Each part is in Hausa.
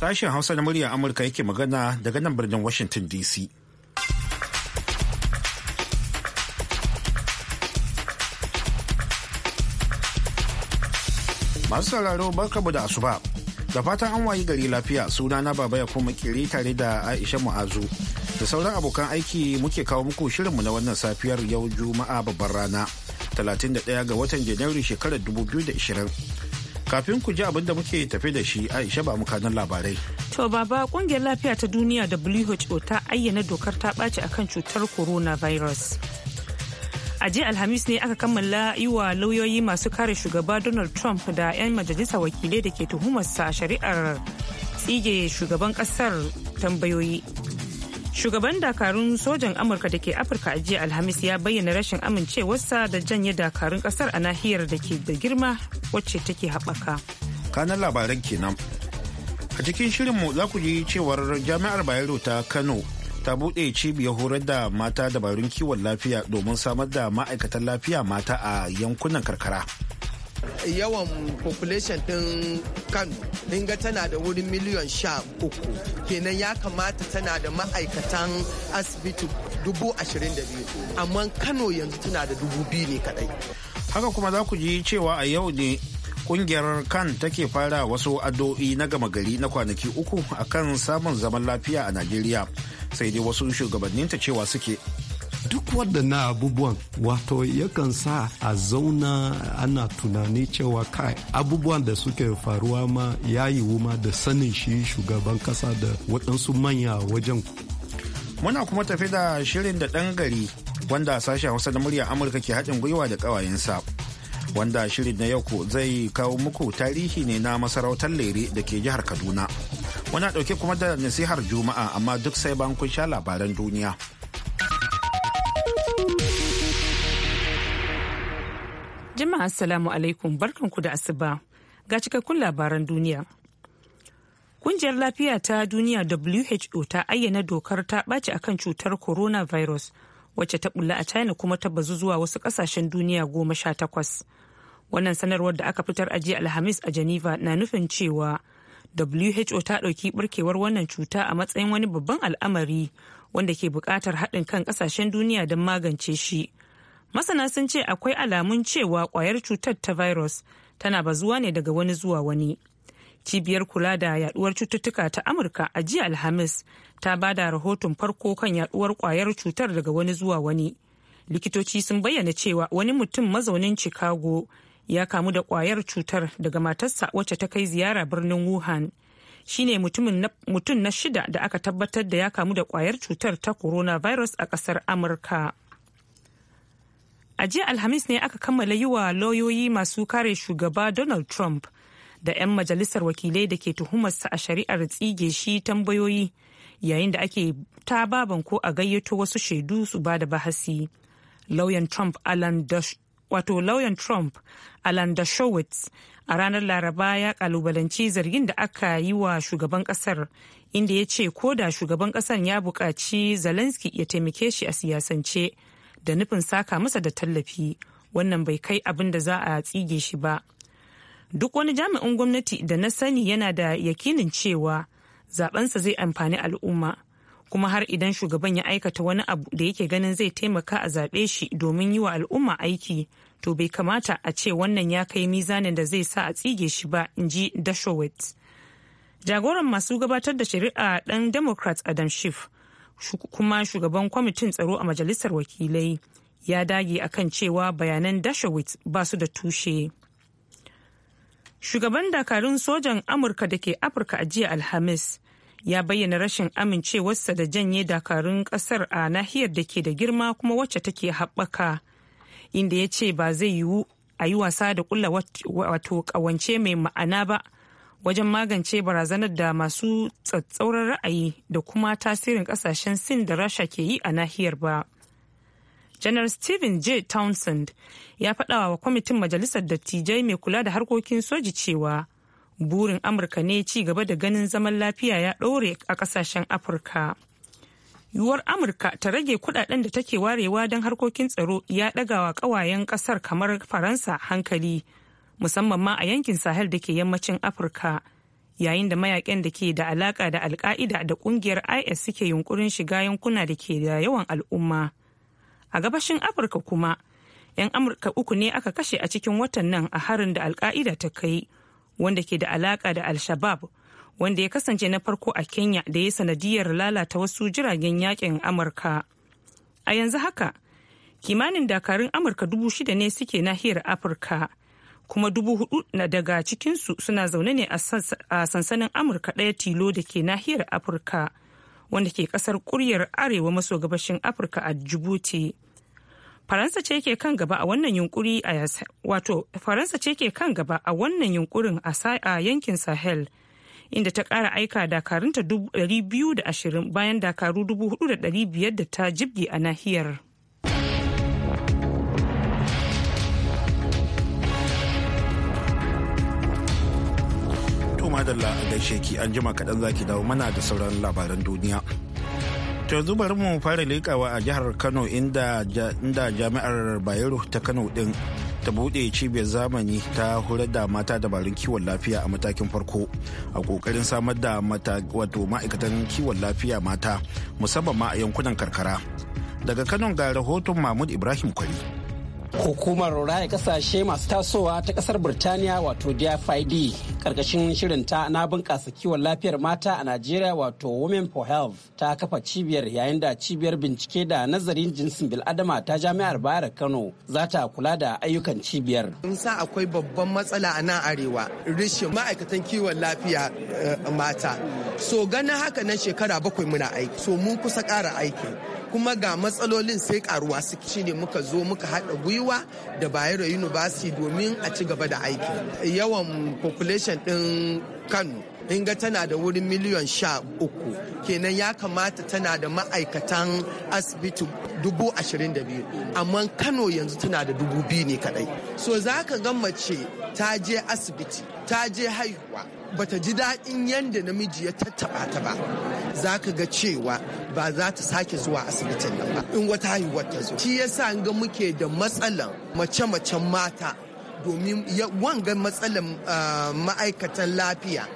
Sashen Hausa na muryar Amurka yake magana daga nan birnin Washington DC. Masu sauraro barkamu da asuba. Da fatan an wayi gari lafiya suna na baba ya kuma kiri tare da Aisha Mu'azu. Da sauran abokan aiki muke kawo muku shirinmu na wannan safiyar yau Juma'a babbar rana. 31 ga watan Janairu shekarar 2020. Kafin ku ji abin da muke tafi da shi Aisha ba mukanin labarai. To baba kungiyar lafiya ta duniya WHO ta ayyana dokar ta ɓaci akan cutar coronavirus. A jiya Alhamis ne aka kammala yi wa lauyoyi masu kare shugaba Donald Trump da 'yan majalisa wakilai da ke tuhumarsa a shari'ar tsige shugaban kasar tambayoyi. shugaban dakarun sojan amurka da ke afirka a jiya alhamis ya bayyana rashin amincewarsa da janye dakarun kasar a nahiyar da ke da girma wacce take haɓaka kanan labaran kenan a cikin shirinmu za ku ji cewar jami'ar bayero ta kano ta buɗe cibiyar horar da mata dabarun kiwon lafiya domin samar da ma'aikatan lafiya mata a yankunan karkara. yawan population din kano dinga tana da wurin miliyan sha uku kenan ya kamata tana da ma'aikatan asibiti dubu ashirin da biyu amma kano yanzu tana da dubu biyu ne kadai haka kuma za ku ji cewa a yau ne kungiyar kan take fara wasu addu'o'i na gama gari na kwanaki uku akan samun zaman lafiya a najeriya sai dai wasu shugabanninta cewa suke duk na abubuwan wato yakan sa a zauna ana tunani cewa kai abubuwan da suke faruwa ma ya yiwu ma da sanin shi shugaban kasa da waɗansu manya wajen muna kuma tafi da shirin da ɗan gari wanda sashen hausa da murya amurka ke haɗin gwiwa da ƙawayensa wanda shirin na yau zai kawo muku tarihi ne na masarautar lere da ke jihar kaduna muna ɗauke kuma da nasihar juma'a amma duk sai ban kun sha labaran duniya. jama'a assalamu alaikum barkanku da asuba ga cikakkun labaran duniya kungiyar lafiya ta duniya who ta ayyana dokar ta ɓaci akan cutar coronavirus wacce ta bulla a china kuma ta bazu zuwa wasu ƙasashen duniya goma sha takwas wannan sanarwar da aka fitar a alhamis a geneva na nufin cewa who ta ɗauki ɓarkewar wannan cuta a matsayin wani babban al'amari wanda ke buƙatar haɗin kan ƙasashen duniya don magance shi masana sun ce akwai alamun cewa kwayar cutar ta virus tana bazuwa ne daga wani zuwa wani cibiyar kula da yaduwar cututtuka ta amurka a jiya alhamis ta ba da rahoton farko kan yaduwar kwayar cutar daga wani zuwa wani likitoci sun bayyana cewa wani mutum mazaunin chicago ya kamu da kwayar cutar daga matarsa wacce ta kai ziyara birnin wuhan shine mutum na shida da aka tabbatar da ya kamu da kwayar cutar ta coronavirus a kasar amurka a jiya alhamis ne aka kammala yi wa lauyoyi masu kare shugaba donald trump da 'yan majalisar wakilai da ke tuhumarsa a shari'ar tsige shi tambayoyi yayin da ake ta baban ko a gayyato wasu shaidu su ba da bahasi lauyan trump alan wato lauyan dashowitz a ranar laraba ya kalubalanci zargin da aka yi wa shugaban kasar inda ya ce ko da shugaban kasar ya buƙaci zelensky ya taimake shi a siyasance da nufin saka masa da tallafi wannan bai kai abin da za a tsige shi ba duk wani jami'in gwamnati da na sani yana da yakinin cewa zabensa zai amfani al'umma kuma har idan shugaban ya aikata wani abu da yake ganin zai taimaka a zaɓe shi domin yi wa al'umma aiki to bai kamata a ce wannan ya kai mizanin da zai sa a tsige shi ba in ji dashowitz jagoran masu gabatar da shari'a ɗan democrat adam schiff kuma shugaban kwamitin tsaro a majalisar wakilai ya dage akan cewa bayanan dashowitz ba su da tushe shugaban dakarun sojan amurka da ke afirka a jiya alhamis ya bayyana rashin amincewarsa da janye dakarun kasar a nahiyar da ke da girma kuma wacce take haɓaka inda ya ce ba zai yiwu a yi wasa da kulla wato ƙawance mai ma'ana ba wajen magance barazanar da masu tsatsauran ra'ayi da kuma tasirin kasashen sin da rasha ke yi a nahiyar ba janar stephen j townsend ya faɗawa wa kwamitin majalisar dattijai mai kula da harkokin soji cewa burin amurka ne ci gaba da ganin zaman lafiya ya ɗore a ƙasashen afirka yuwar amurka ta rage kudaden da take warewa don harkokin tsaro ya ɗagawa kawayen ƙawayen ƙasar kamar faransa hankali musamman ma a yankin sahel da ke yammacin afirka yayin da mayaƙen da ke da alaƙa da alka'ida da ƙungiyar is suke yunkurin shiga yankuna da ke da yawan al'umma a gabashin afirka kuma 'yan amurka uku ne aka kashe a cikin watan nan a harin da alka'ida ta kai wanda ke da alaƙa da al-shabab wanda ya kasance na farko a kenya da ya sanadiyar lalata wasu jiragen yaƙin amurka a yanzu haka kimanin dakarun amurka dubu shida ne suke nahiyar afirka kuma dubu hudu na daga cikinsu suna zaune ne a sansanin amurka ɗaya tilo da ke nahiyar afirka wanda ke kasar kuryar arewa maso gabashin afirka a jibuti faransa ce ke kan gaba a wannan yunkuri a wato faransa ce ke kan gaba a wannan yunkurin a yankin sahel inda ta kara aika dakarunta 220 bayan dakaru 4,500 da ta jibge a nahiyar. kuma da gaishe ki an jima kaɗan zaki dawo mana da sauran labaran duniya. yanzu bari mu fara likawa a jihar kano inda jami'ar bayero ta kano din ta buɗe cibiyar zamani ta horar da mata dabarun kiwon lafiya a matakin farko a kokarin samar da wato ma'aikatan kiwon lafiya mata musamman ma a yankunan karkara daga kano ga rahoton mahmud ibrahim kwari Hukumar raya kasashe masu tasowa ta kasar Birtaniya wato DFID karkashin shirinta na bunƙasa kiwon lafiyar mata a Najeriya wato Women for Health ta kafa cibiyar yayin da cibiyar bincike da nazarin jinsin bil'adama ta Jami'ar Bayar Kano za ta kula da ayyukan cibiyar. sa akwai babban matsala a nan arewa rishin ma'aikatan kiwon lafiya eh, mata. So ganin haka nan shekara bakwai muna aiki. So mun kusa ƙara aiki. kuma ga matsalolin sai karuwa suke ne muka zo muka haɗa gwiwa da bayero university domin a ci gaba da aiki yawan population ɗin kano inga tana da wurin miliyan sha uku kenan ya kamata tana da ma'aikatan asibiti dubu ashirin da biyu amma kano yanzu tana da dubu biyu ne kadai so za ka gammace ta je asibiti ta je haihuwa bata ji daɗin yadda namiji ya tattaɓa ta ba za ka ga cewa ba za ta sake zuwa asibitin nan ba in wata haihuwar ta zo shi yasa ga muke da matsalan mace-macen mata domin wanga matsalan ah, ma'aikatan lafiya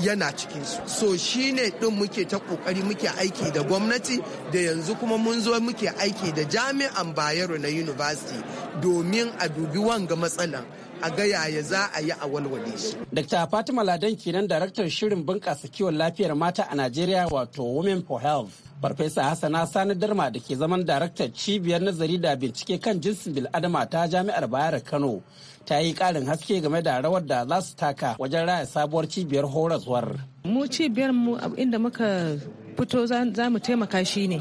yana cikin su. so shi ne ɗin muke ta ƙoƙari muke aiki da gwamnati da yanzu kuma mun zo muke aiki da jami'an bayero na university domin a dubi wanga matsalan a ga yaya za a yi a walwale shi. Dr. Fatima Ladan kenan daraktar shirin bunƙasa kiwon lafiyar mata a Najeriya wato Women for Health. Farfesa Hassana Sani Darma da ke zaman daraktar cibiyar nazari da bincike kan jinsin bil'adama ta jami'ar Bayar Kano ta yi ƙarin haske game da rawar da za su taka wajen raya sabuwar cibiyar horaswar. Mu cibiyar mu inda muka fito za mu taimaka shi ne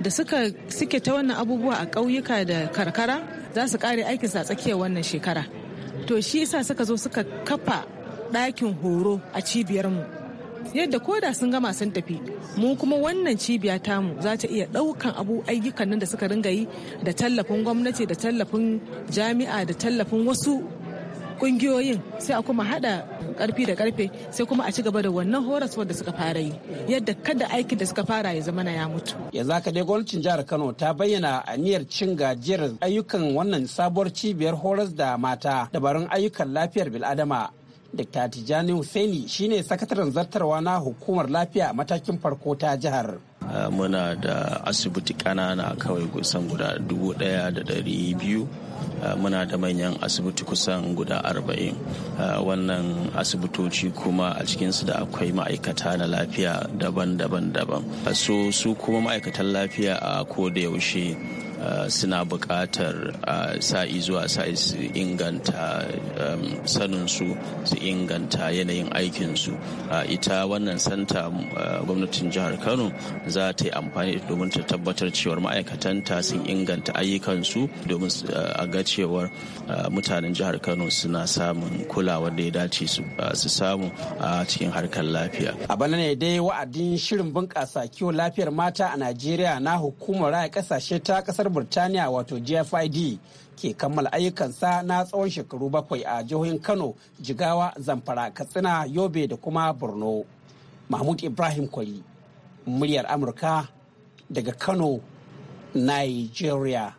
da suka suke ta wannan abubuwa a ƙauyuka da karkara za su ƙare aikinsa a tsakiyar wannan shekara. to shi yasa suka zo suka kafa ɗakin horo a cibiyar mu yadda ko da sun gama sun tafi mu kuma wannan cibiya tamu za ta iya ɗaukan abu ayyukan nan da suka ringa yi da tallafin gwamnati da tallafin jami'a da tallafin wasu kungiyoyin sai a kuma hada karfi da karfe sai kuma a ci gaba da wannan horas da suka fara yi yadda kada aikin da suka fara ya zama na ya mutu yanzu haka dai gwamnatin jihar kano ta bayyana aniyar cin gajiyar ayyukan wannan sabuwar cibiyar horas da mata dabarun ayyukan lafiyar bil'adama Dr. tijani Hussaini shine sakataren zartarwa na hukumar lafiya matakin farko ta jihar. Eh, muna da asibiti ƙanana kawai kusan guda dubu ɗaya da ɗari biyu eh, muna da manyan asibiti kusan guda arba'in eh, wannan asibitoci kuma a cikinsu da akwai ma'aikata na lafiya daban-daban daban su kuma ma'aikatan lafiya a ko da yaushe Eh, suna buƙatar eh, sa'i zuwa sa'i su inganta saninsu su inganta yanayin aikinsu eh, ita wannan santa gwamnatin jihar kano za ta yi amfani domin ta tabbatar cewar ma'aikatanta sun inganta ayyukansu domin a ga cewar mutanen jihar kano suna samun kulawa da ya dace su samu a cikin harkar lafiya a bana ne dai wa'adin shirin bunƙasa kiwon lafiyar mata a najeriya na hukumar raya kasashe ta ƙasar Birtaniya wato GFID ke kammala ayyukansa na tsawon shekaru bakwai a jihohin Kano, Jigawa, Zamfara, Katsina, Yobe da kuma Borno. Mahmud Ibrahim Kwari, muryar Amurka daga Kano, Nigeria.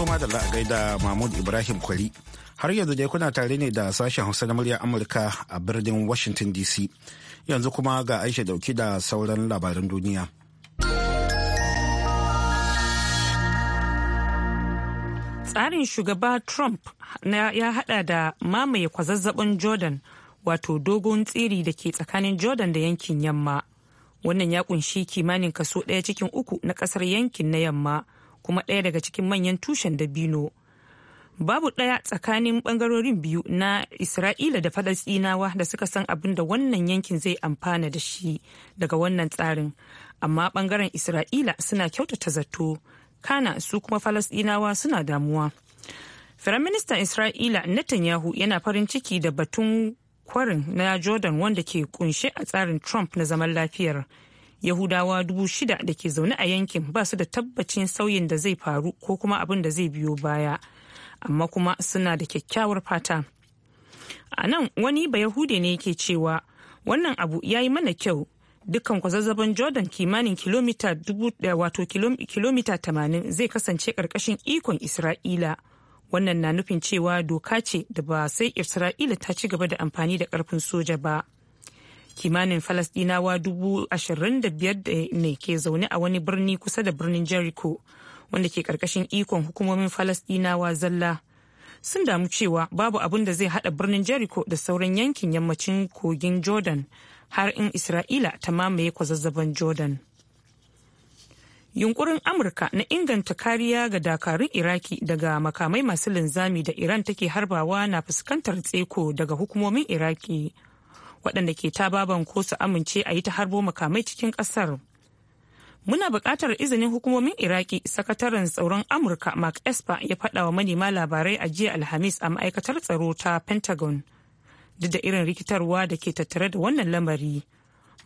kuma da da Mahmud Ibrahim Kwari. Har yanzu dai kuna tare ne da sashen Hausa na muryar Amurka a birnin Washington DC. yanzu kuma ga aisha dauki da sauran labaran duniya tsarin shugaba trump ya hada da mamaye kwazazzabin jordan wato dogon tsiri da ke tsakanin jordan da yankin yamma wannan ya kunshi kimanin kaso daya cikin uku na kasar yankin na yamma kuma daya daga cikin manyan tushen dabino babu ɗaya tsakanin ɓangarorin biyu na isra'ila da falasɗinawa da suka san abin da wannan yankin zai amfana da shi daga wannan tsarin amma ɓangaren isra'ila suna kyautata zato kana su kuma falasɗinawa suna damuwa firaministan isra'ila netanyahu yana farin ciki da batun kwarin na jordan wanda ke kunshe a tsarin trump na zaman lafiyar yahudawa dubu shida da ke zaune a yankin ba su da tabbacin sauyin da zai faru ko kuma abin da zai biyo baya. amma kuma suna da kyakkyawar fata a nan wani bayahude ne yake cewa wannan abu ya yi mana kyau dukkan kwazazzaban jordan kimanin kilomita eh, wato kilomita tamanin zai kasance karkashin ikon isra'ila wannan na nufin cewa doka ce da ba sai isra'ila ta ci gaba da amfani da karfin soja ba kimanin falasdinawa dubu ashirin da biyar ne ke zaune a wani birni kusa da birnin jericho wanda ke karkashin ikon hukumomin Falasɗinawa zalla. Sun damu cewa babu abin da zai hada birnin Jericho da sauran yankin yammacin kogin Jordan har in Isra'ila ta mamaye kwazazzaban Jordan. Yunkurin Amurka na inganta kariya ga dakarun Iraki daga makamai masu linzami da Iran take harbawa na fuskantar tseko daga hukumomin Iraki. waɗanda ke ta baban ko su amince a yi ta harbo makamai cikin ƙasar. muna buƙatar izinin hukumomin iraki sakataren tsaron amurka mark esper ya faɗa wa manema labarai a jiya alhamis a ma'aikatar tsaro ta pentagon duk da irin rikitarwa da ke tattare da wannan lamari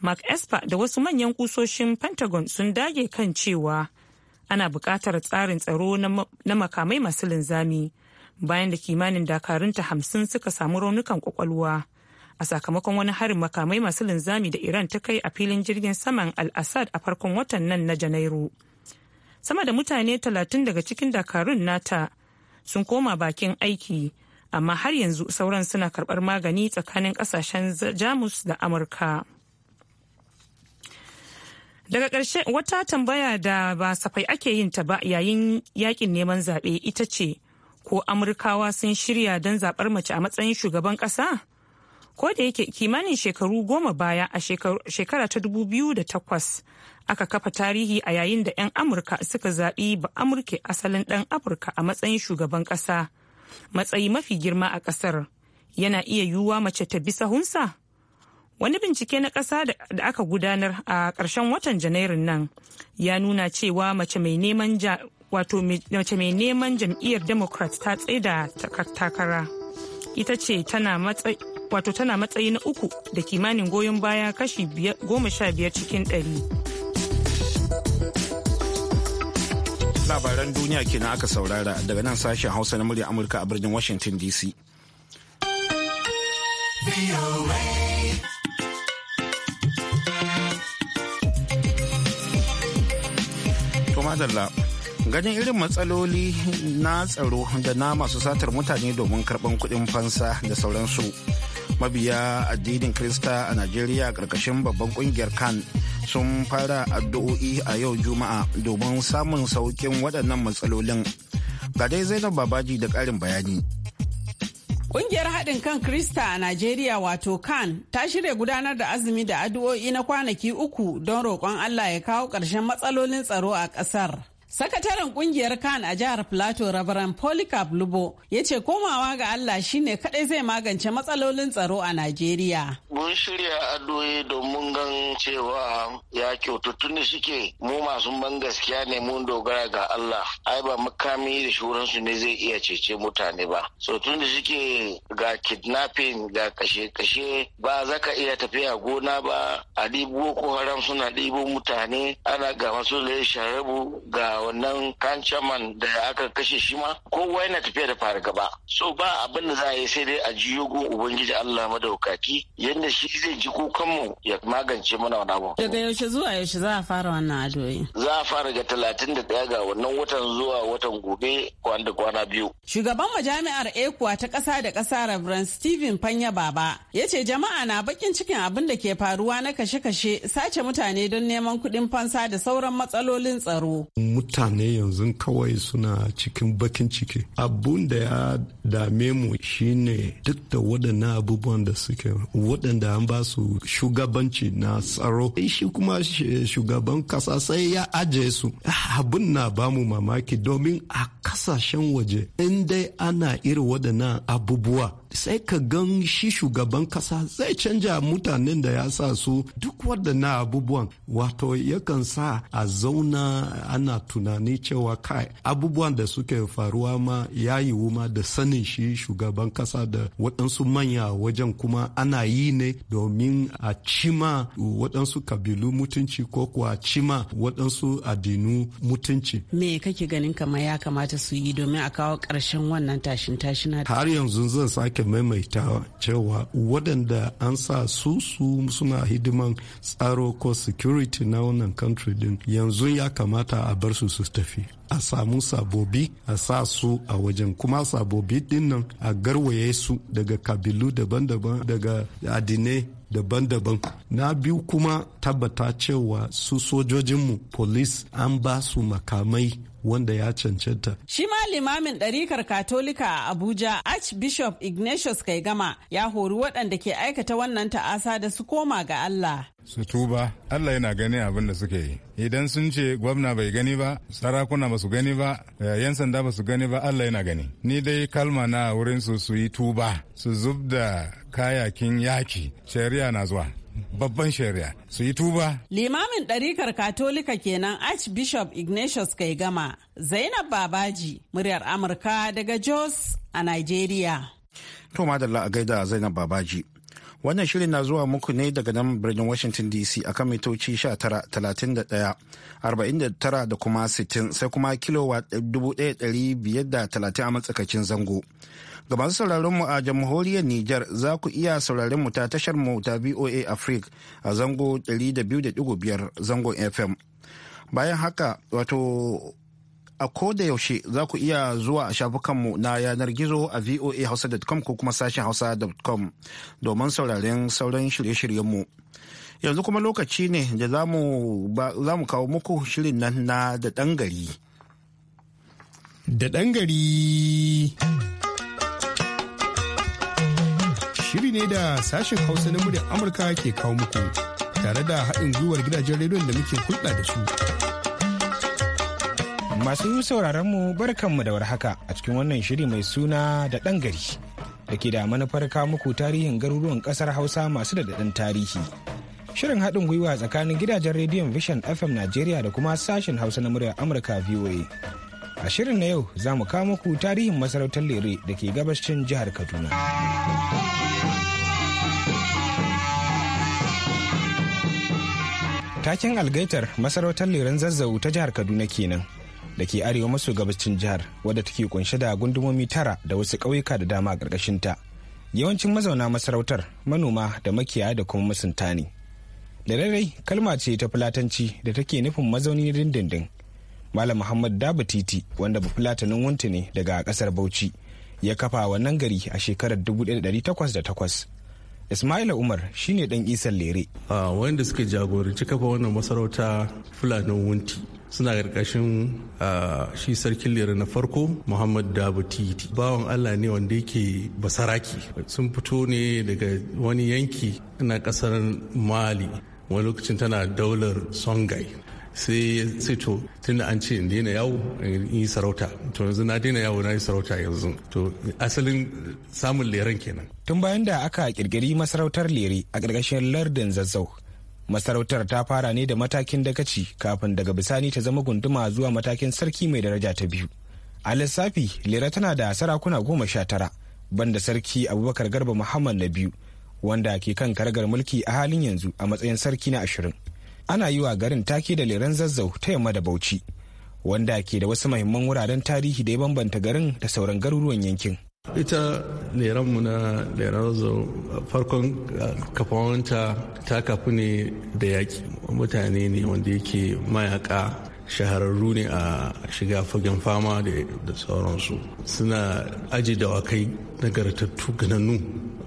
mark esper da wasu manyan kusoshin pentagon sun dage kan cewa ana buƙatar tsarin tsaro na makamai masu linzami bayan da kimanin dakarunta hamsin suka samu raunukan kwakwalwa a sakamakon wani harin makamai masu linzami da iran ta kai a filin jirgin saman al-assad a farkon watan nan na janairu sama da mutane talatin daga cikin dakarun nata sun koma bakin aiki amma har yanzu sauran suna karbar magani tsakanin kasashen jamus da amurka daga ƙarshe wata tambaya da ba safai ake yin ta ba yayin yakin neman zaɓe ita ce ko amurkawa sun shirya don zaɓar mace a matsayin shugaban ƙasa ko da yake kimanin shekaru goma baya a shekara ta dubu biyu da takwas aka kafa tarihi a yayin da 'yan amurka suka zaɓi ba amurke asalin ɗan afirka a matsayin shugaban ƙasa matsayi mafi girma a ƙasar yana iya yiwuwa mace ta bi sahunsa wani bincike na ƙasa da aka gudanar a ƙarshen watan janairun nan ya nuna cewa mace mai neman wato mace mai neman jam'iyyar democrat ta tsaida takara ita ce tana matsayi wato tana matsayi na uku da kimanin goyon baya kashi goma sha biyar cikin ɗari. labaran duniya kenan aka saurara daga nan sashen hausa na murya amurka a birnin washington dc ganin irin matsaloli na tsaro da na masu satar mutane domin karɓan kuɗin fansa da sauransu mabiya addinin krista a najeriya karkashin babban kungiyar kan sun fara addu'o'i a yau juma'a domin samun saukin waɗannan matsalolin ga dai zainab babaji da ƙarin bayani Ƙungiyar haɗin kan Krista a Najeriya wato kan ta shirya gudanar da azumi da addu'o'i na kwanaki uku don roƙon Allah ya kawo ƙarshen matsalolin tsaro a ƙasar. Sakataren kungiyar kan a jihar Plateau Reverend Polycarp Lubo ya ce komawa ga Allah shine kadai zai magance matsalolin tsaro a Najeriya. Mun shirya addu'o'i domin gan cewa ya kyautu shi ke mu masu ban gaskiya ne mun dogara ga Allah. Ai ba makami da shuransu ne zai iya cece mutane ba. So tunda shi ke ga kidnapping ga kashe-kashe ba za ka iya tafiya gona ba a ɗibo ko haram suna ɗibo mutane ana ga masu da sharabu ga wannan kan da aka kashe shi ma kowa yana tafiya da fargaba so ba abin da za a yi sai dai a jiyo gun ubangiji Allah madaukaki yadda shi zai ji kukanmu ya magance mana wani abu daga yaushe zuwa yaushe za a fara wannan addu'o'i za a fara ga talatin da ɗaya ga wannan watan zuwa watan gobe kwana kwana biyu shugaban majami'ar ekuwa ta Kasa da Kasa rabran stephen fanya baba ya ce jama'a na bakin cikin abin da ke faruwa na kashe-kashe sace mutane don neman kuɗin fansa da sauran matsalolin tsaro mutane yanzu kawai suna cikin bakin ciki abun da ya dame mu shine duk da waɗannan abubuwan da suke waɗanda an ba su shugabanci na tsaro shi kuma shugaban ƙasa sai ya ajiye su abun na ba mu mamaki domin a ƙasashen waje in dai ana irin waɗannan abubuwa sai ka gan shi shugaban kasa zai canja mutanen da ya sa su duk na abubuwan wato yakan sa a zauna ana tunani cewa kai abubuwan da suke faruwa ma ya yiwu ma da sanin shi shugaban kasa da waɗansu manya wajen kuma ana yi ne domin a cima waɗansu kabilu mutunci ko kuwa cima waɗansu addinu mutunci. Me kake ganin kama ya kamata su yi domin a kawo ƙarshen wannan tashin tashina? Har yanzu zan sake maimaita cewa waɗanda an sa su su suna hidiman tsaro ko security na wannan country din yanzu ya kamata a bar su su tafi a samu sabobi a sa su a wajen kuma sabobi din nan a garwaye su daga kabilu daban-daban daga adine daban-daban na biyu kuma tabbata cewa su sojojinmu police an ba su makamai wanda ya cancanta. Shi ma limamin ɗarikar Katolika a Abuja Archbishop Ignatius Kaigama ya hori waɗanda ke aikata wannan ta'asa da su koma ga Allah. su tuba Allah yana gani abin da suke yi idan sun ce gwamna bai gani ba sarakuna ba su gani ba eh, yan sanda ba su gani ba Allah yana gani ni dai kalma na wurin su su yi tuba su zub da kayakin yaki shari'a na zuwa babban shari'a su yi tuba. Limamin ɗarikar Katolika kenan Archbishop Ignatius kai gama Zainab Babaji muryar Amurka daga Jos a Nigeria. To madalla a gaida Zainab Babaji. Wannan shirin na zuwa muku ne daga nan birnin Washington DC a kan mitoci 19,31,49 da kuma 60 sai kuma kilowa 1,530 a matsakaicin zango. gaban masu sauraron mu a jamhuriyar Nijar za ku iya sauraron mu ta tashar mu ta VOA Africa a zango 200.5 zangon FM. Bayan haka wato a koda yaushe za ku iya zuwa a shafukanmu na yanar gizo a voahausa.com ko kuma sashen hausa.com domin sauraren sauran shirye-shiryenmu. Yanzu kuma lokaci ne da za mu kawo muku shirin nan na da ɗan Da ɗan ne da sashen hausa na muryar amurka ke kawo muku tare da haɗin gwiwar gidajen rediyon da muke hulɗa da su masu sauraron mu barkanmu da warhaka a cikin wannan shiri mai suna da ɗan gari da ke da manufar kawo muku tarihin garuruwan ƙasar hausa masu da tarihi shirin haɗin gwiwa tsakanin gidajen rediyon vision fm najeriya da kuma sashen hausa na muryar amurka voa a shirin na yau za mu kawo muku tarihin masarautar lere da ke gabashin jihar kaduna Takin algaitar masarautar leren zazzau ta jihar kaduna kenan da ke arewa maso gabacin jihar wadda take kunshe da gundumomi tara da wasu ƙauyuka da dama a ta yawancin mazauna masarautar manoma da makiyaya da kuma masunta ne da kalma ce ta fulatanci da take nufin mazauni dindindin malam muhammad Dabu titi wanda ba fulatanin wunti ne daga ƙasar bauchi ya kafa wannan gari a shekarar dubu ɗaya da takwas takwas. Ismaila Umar shine dan isan lere. A ah, wanda suka jagoranci kafa wannan masarauta Fulani Wunti suna karkashin ah, shi sarkin lere na farko Muhammad Dabu Titi. Bawon Allah ne wanda yake basaraki. Sun fito ne daga wani yanki na ƙasar Mali. Wani lokacin tana daular songai sai sai to tunda an ce in daina yawo in yi sarauta to yanzu na daina yawo na yi sarauta yanzu to asalin samun leren kenan tun bayan da aka kirkiri masarautar lere a ƙarƙashin lardin zazzau masarautar ta fara ne da matakin dakaci kafin daga bisani ta zama gunduma zuwa matakin sarki mai daraja ta biyu a lissafi lera tana da sarakuna goma sha tara banda sarki abubakar garba muhammad na biyu wanda ke kan karagar mulki a halin yanzu a matsayin sarki na ashirin ana yi wa garin take da liran zazzau ta yamma da bauchi wanda ke da wasu mahimman wuraren tarihi da ya bambanta garin da sauran garuruwan yankin ita mu na leran zazzau farkon ah, kafawanta ta kafu ne da yaƙi mutane ne wanda yake mayaka shahararru ne a shiga fagen fama da sauransu suna aji dawakai nagartattu ganannu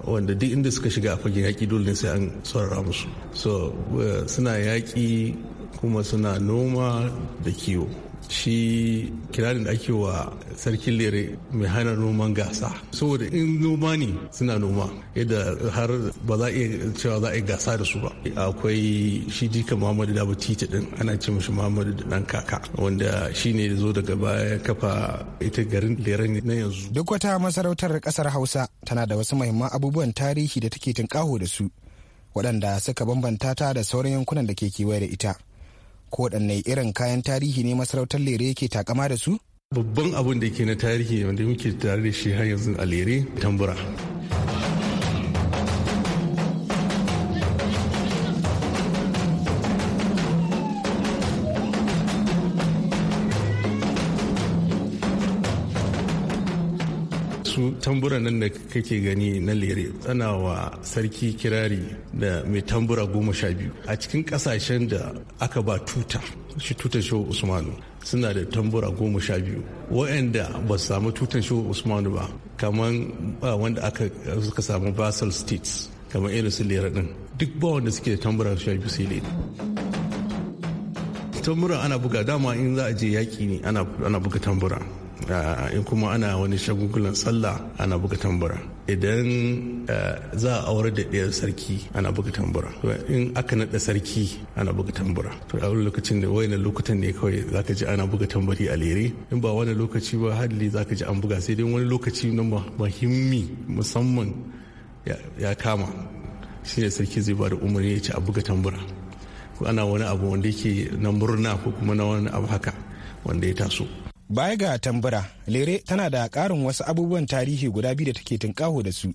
wanda duk inda suka shiga a fagen yaƙi dole ne sai an saurara musu so eh, suna yaƙi kuma suna noma da kiwo shi kirarin da ake wa sarkin lere mai hana noman gasa saboda in noma ne suna noma yadda har ba za a iya cewa za a yi gasa da su ba akwai shi jika muhammadu da titi din ana ce mashi muhammadu da dan kaka wanda shi ne zo daga baya kafa ita garin lere na yanzu duk wata masarautar kasar hausa tana da wasu mahimman abubuwan tarihi da take tunkaho da su waɗanda suka bambanta ta da sauran yankunan da ke kewaye da ita ko waɗanne irin kayan tarihi ne masarautar lere yake takama da su babban abun da ke na tarihi wanda muke tare da shi har yanzu a lere tambura tambura nan da kake gani na lere ana wa sarki kirari da mai tambura goma sha biyu a cikin kasashen da aka ba tuta shi tutar shi usmanu suna da tambura goma sha biyu wa'anda ba su samu tutar shi usmanu ba kamar wanda aka suka samu basel states kamar irin su lera din duk ba wanda suke da tambura sha biyu sai lera tambura ana buga dama in za a je yaƙi ne ana buga tambura Ah, in kuma ana wani shagugulan sallah ana buga tambura idan ah, za a aure da ɗayar sarki ana buga tambura in aka naɗa sarki ana buga tambura to a wani lokacin da wani lokutan ne kawai zaka ji ana buga tambari a lere in ba wani lokaci ba hadli zaka ji an buga sai dai wani lokaci na muhimmi musamman ya kama shi ne sarki zai ba da umarni ya ci a buga tambura ko ana wani abu wanda yake na murna ko kuma na wani abu haka wanda ya taso baya ga tambura lere tana da karin wasu abubuwan tarihi guda biyu da take tunƙaho da su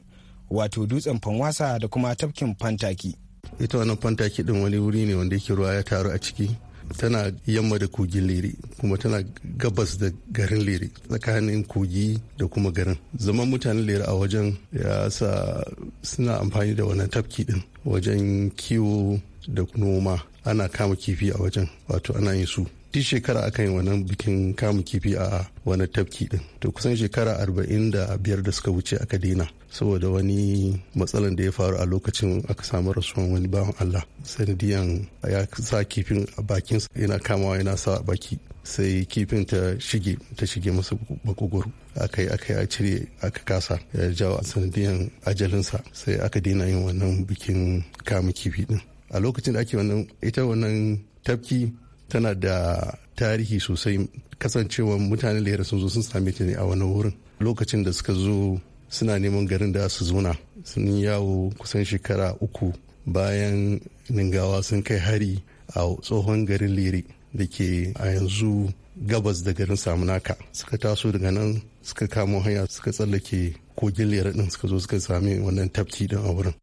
wato dutsen fanwasa da kuma tafkin fantaki ita wannan fantaki din wani wuri ne wanda yake ruwa ya taru a ciki tana yamma da kogin lere kuma tana gabas da garin lere tsakanin kogi da kuma garin zaman mutanen lere a wajen ya sa suna amfani da wannan tafki din wajen kiwo da noma ana kama kifi a wajen wato ana yin su duk shekara aka yi wannan bikin kama kifi a wani tafki din to kusan shekara arba'in da biyar da suka wuce aka daina saboda wani matsalan da ya faru a lokacin aka samu rasuwan wani bawan allah sanadiyan ya sa kifin a bakin yana kamawa yana sa a baki sai kifin ta shige ta shige masa bakogoro aka yi aka yi a cire aka kasa ya jawo a sanadiyan ajalinsa sai aka daina yin wannan bikin kamun kifi din a lokacin da ake wannan ita wannan tafki tana da tarihi sosai kasancewa mutane da yara sun zo sun same ta ne a wani wurin lokacin da suka zo suna neman garin da su zuna sun yawo kusan shekara uku bayan ningawa sun kai hari a tsohon garin lere da ke a yanzu gabas da garin samunaka suka taso daga nan suka kamo hanya suka tsallake kogin lera din suka zo suka sami wannan tafki din a wurin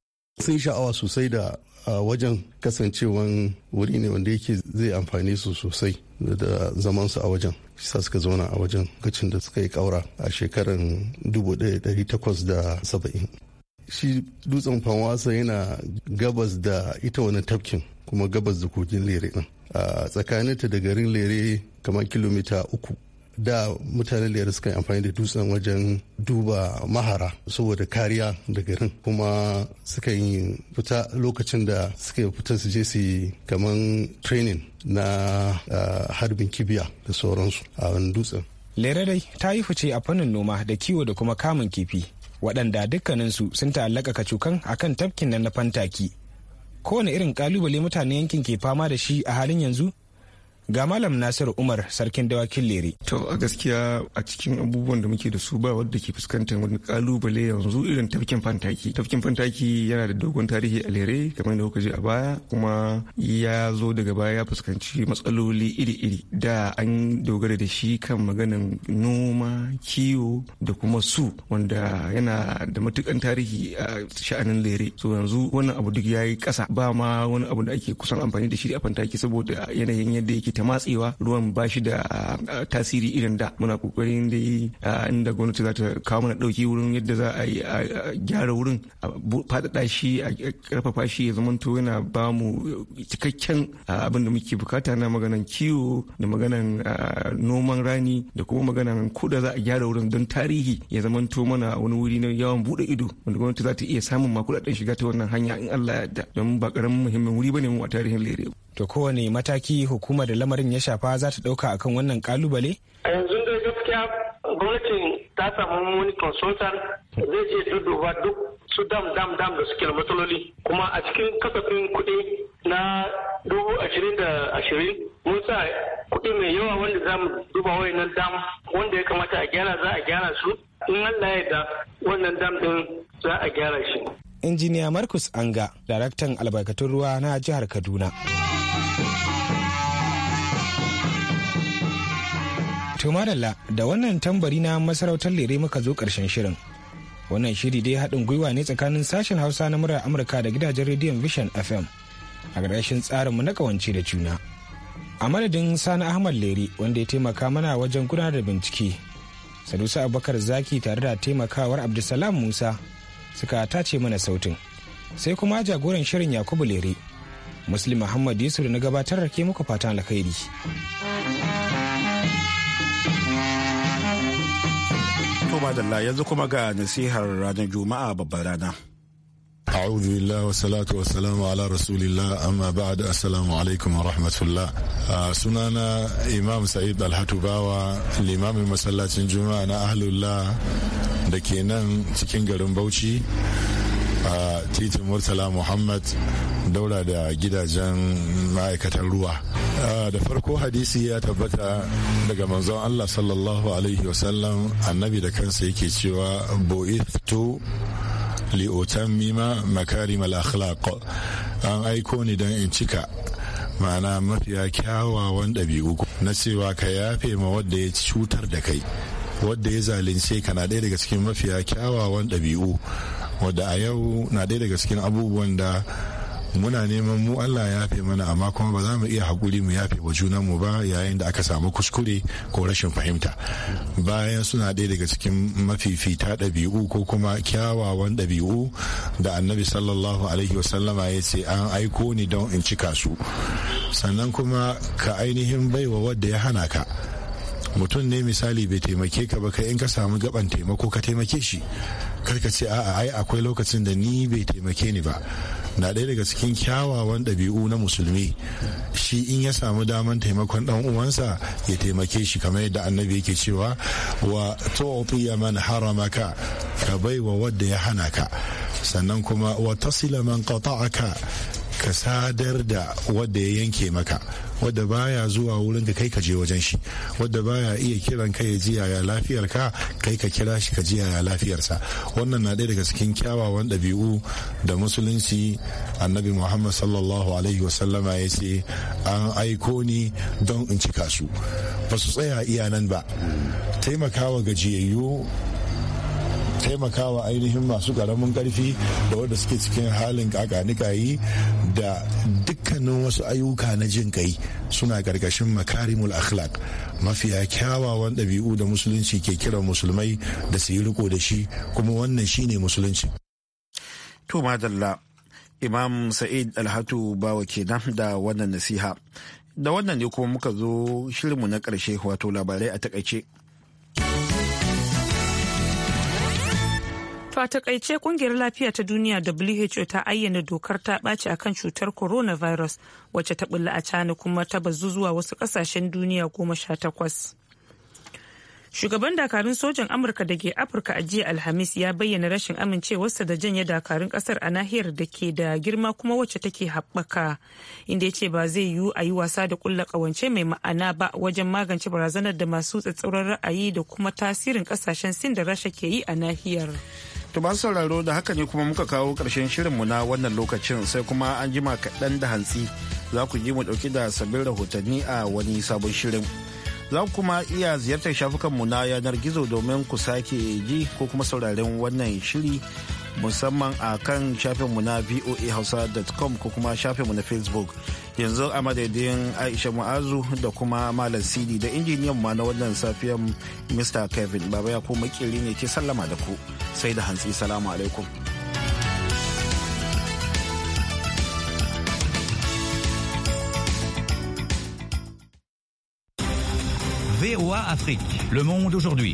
sun sha'awa sosai da a wajen kasancewan wuri ne wanda yake zai amfani su sosai da zamansu a wajen sa suka zauna a wajen gacin da suka yi kaura a shekarar 1870 shi dutsen fanwasa yana gabas da ita wani tafkin kuma gabas da kogin lere din a tsakaninta da garin lere kamar kilomita uku da mutanen da suka yi amfani da dutsen wajen duba mahara saboda kariya da garin kuma suka yi fita lokacin da suka fita su je su yi training na ah, harbin kibiya da sauransu a wani dutsen lera dai ta yi fice a fannin noma da kiwo da kuma kamun kifi waɗanda dukkaninsu sun ta'allaka a kan tafkin nan na fantaki kowane irin kalubale mutane yankin ke fama da shi a halin yanzu ga malam nasiru umar sarkin dawakin lere to a gaskiya a cikin abubuwan da muke da su ba wadda ke fuskantar wani kalubale yanzu irin tafkin fantaki tafkin fantaki yana da dogon tarihi a lere kamar da kuka je a baya kuma ya zo daga baya ya fuskanci matsaloli iri-iri da an dogara da shi kan maganin noma kiwo da kuma su wanda yana da matukan tarihi a sha'anin lere so yanzu wannan abu duk ya yi ƙasa. ba ma wani abu da ake kusan amfani da shi a fantaki saboda yanayin yadda yake ta matsewa ruwan ba shi da tasiri irin da muna kokarin da inda gwamnati za ta kawo mana dauki wurin yadda za a gyara wurin a faɗaɗa shi a karfafa shi ya to yana ba mu cikakken abin da muke bukata na maganan kiwo da maganan noman rani da kuma maganan kuda za a gyara wurin don tarihi ya zamanto mana wani wuri na yawon bude ido wanda gwamnati za ta iya samun ma ɗan shiga ta wannan hanya in Allah ya yarda don ba karamin muhimmin wuri bane mu a tarihin lere to kowane mataki hukumar da lamarin ya shafa za ta ɗauka akan wannan kalubale? a yanzu dai gaskiya gwamnatin ta samu wani consultant zai je duduba duk su dam dam dam da suke da matsaloli kuma a cikin kasafin kuɗi na dubu ashirin da ashirin mun sa kuɗi mai yawa wanda za mu duba wayannan dam wanda ya kamata a gyara za a gyara su in Allah ya da wannan dam ɗin za a gyara shi. Injiniya Marcus Anga, daraktan albarkatun ruwa na jihar Kaduna. tumaralla da wannan tambari na masarautar lere muka zo ƙarshen shirin wannan shiri dai haɗin gwiwa ne tsakanin sashen hausa na murar amurka da gidajen rediyon vision fm a ƙarshen tsarinmu na ƙawance da juna a madadin sani ahmad lere wanda ya taimaka mana wajen gudanar da bincike sadusa abubakar zaki tare da taimakawar abdulsalam musa suka tace mana sautin sai kuma jagoran shirin yakubu lere Muslim Muhammad Yusuf da na gabatar da ke muka fatan alkhairi. To ba da Allah yanzu kuma ga nasihar ranar Juma'a babbar rana. A'udhu billahi wa ala rasulillah amma ba'du assalamu alaikum wa rahmatullah sunana Imam Sa'id alhatubawa limamin masallacin al-Masallatin Juma'a na Ahlullah dake nan cikin garin Bauchi a titin murtala muhammad daura da gidajen ma'aikatan ruwa da farko hadisi ya tabbata daga manzon allah sallallahu alaihi wasallam annabi da kansa yake cewa bo'iftu li'utammima makarim al-akhlaq an aiko ni don in cika ma'ana mafiya kyawawan ɗabi'u na cewa ka yafe ma wadda ya cutar da kai wadda ya zalunce kana daya daga cikin mafiya kyawawan ɗabi'u wadda a yau na ɗaya daga cikin abubuwan da muna neman mu Allah ya yafe mana amma kuma ba za mu iya haƙuri mu yafe wa juna mu ba yayin da aka samu kuskure ko rashin fahimta bayan suna ɗaya daga cikin mafifita ɗabi'u ko kuma kyawawan ɗabi'u da annabi sallallahu alaihi wasallama ya ce an aiko ni don in cika su sannan kuma ka ainihin baiwa wadda ya hana ka mutum ne misali bai taimake ka ba kai in ka samu gaban taimako ka taimake shi karka ce a'a ai akwai lokacin da ni bai taimake ni ba na ɗaya daga cikin kyawawan ɗabi'u na musulmi shi in ya samu daman taimakon ɗan uwansa ya taimake shi kamar yadda annabi yake cewa wa tu'tiya man haramaka ka baiwa wadda ya hana ka sannan kuma wa tasila man qata'aka ka sadar da wadda ya yanke maka wadda baya zuwa wurin ka kai ka je wajen shi wadda baya iya kiran ka ya ji yaya lafiyar ka kai ka kira shi ka ji yaya lafiyarsa wannan na ɗaya daga cikin kyawawan ɗabi'u da musulunci annabi muhammad sallallahu alaihi wasallama ya ce an aiko ni don in cika su ba su tsaya iya nan ba taimakawa gajiyayyu taimakawa ainihin masu karamin karfi da wanda suke cikin halin kakanikayi da dukkanin wasu ayyuka na jin kai suna karkashin makarimul akhlaq mafiya kyawawan ɗabi'u da musulunci ke kiran musulmai da su yi riko da shi kuma wannan shine musulunci to madalla imam sa'id alhatu bawa kenan da wannan nasiha da wannan ne kuma muka zo shirinmu na ƙarshe wato labarai a takaice. a takaice kungiyar lafiya ta duniya WHO ta ayyana dokar ta ɓaci kan cutar coronavirus wacce ta bulla a China kuma ta bazu zuwa wasu ƙasashen duniya goma sha takwas. Shugaban dakarun sojan Amurka da ke Afirka a jiya Alhamis ya bayyana rashin amincewarsa da janye dakarun kasar a nahiyar da ke da girma kuma wacce take haɓaka inda ya ce ba zai yiwu a yi wasa da ƙulla ƙawance mai ma'ana ba wajen magance barazanar da masu tsatsauran ra'ayi da kuma tasirin kasashen sin da rasha ke yi a nahiyar. To masu sauraro da haka ne kuma muka kawo ƙarshen shirinmu na wannan lokacin sai kuma an jima kaɗan da hantsi za ku ji mu ɗauki da sabbin rahotanni a wani sabon shirin. Za ku kuma iya ziyartar shafukanmu na yanar gizo domin ku sake ji ko kuma sauraren wannan shiri musamman a kan shafinmu na voahausa.com ko kuma shafinmu na facebook yanzu a madadin aisha mu'azu da kuma malam sidi da injiniyan ma na wannan safiyan mr kevin baba ya ko makili ne ke sallama da ku sai da hantsi salamu alaikum VOA Afrique. Le monde aujourd'hui.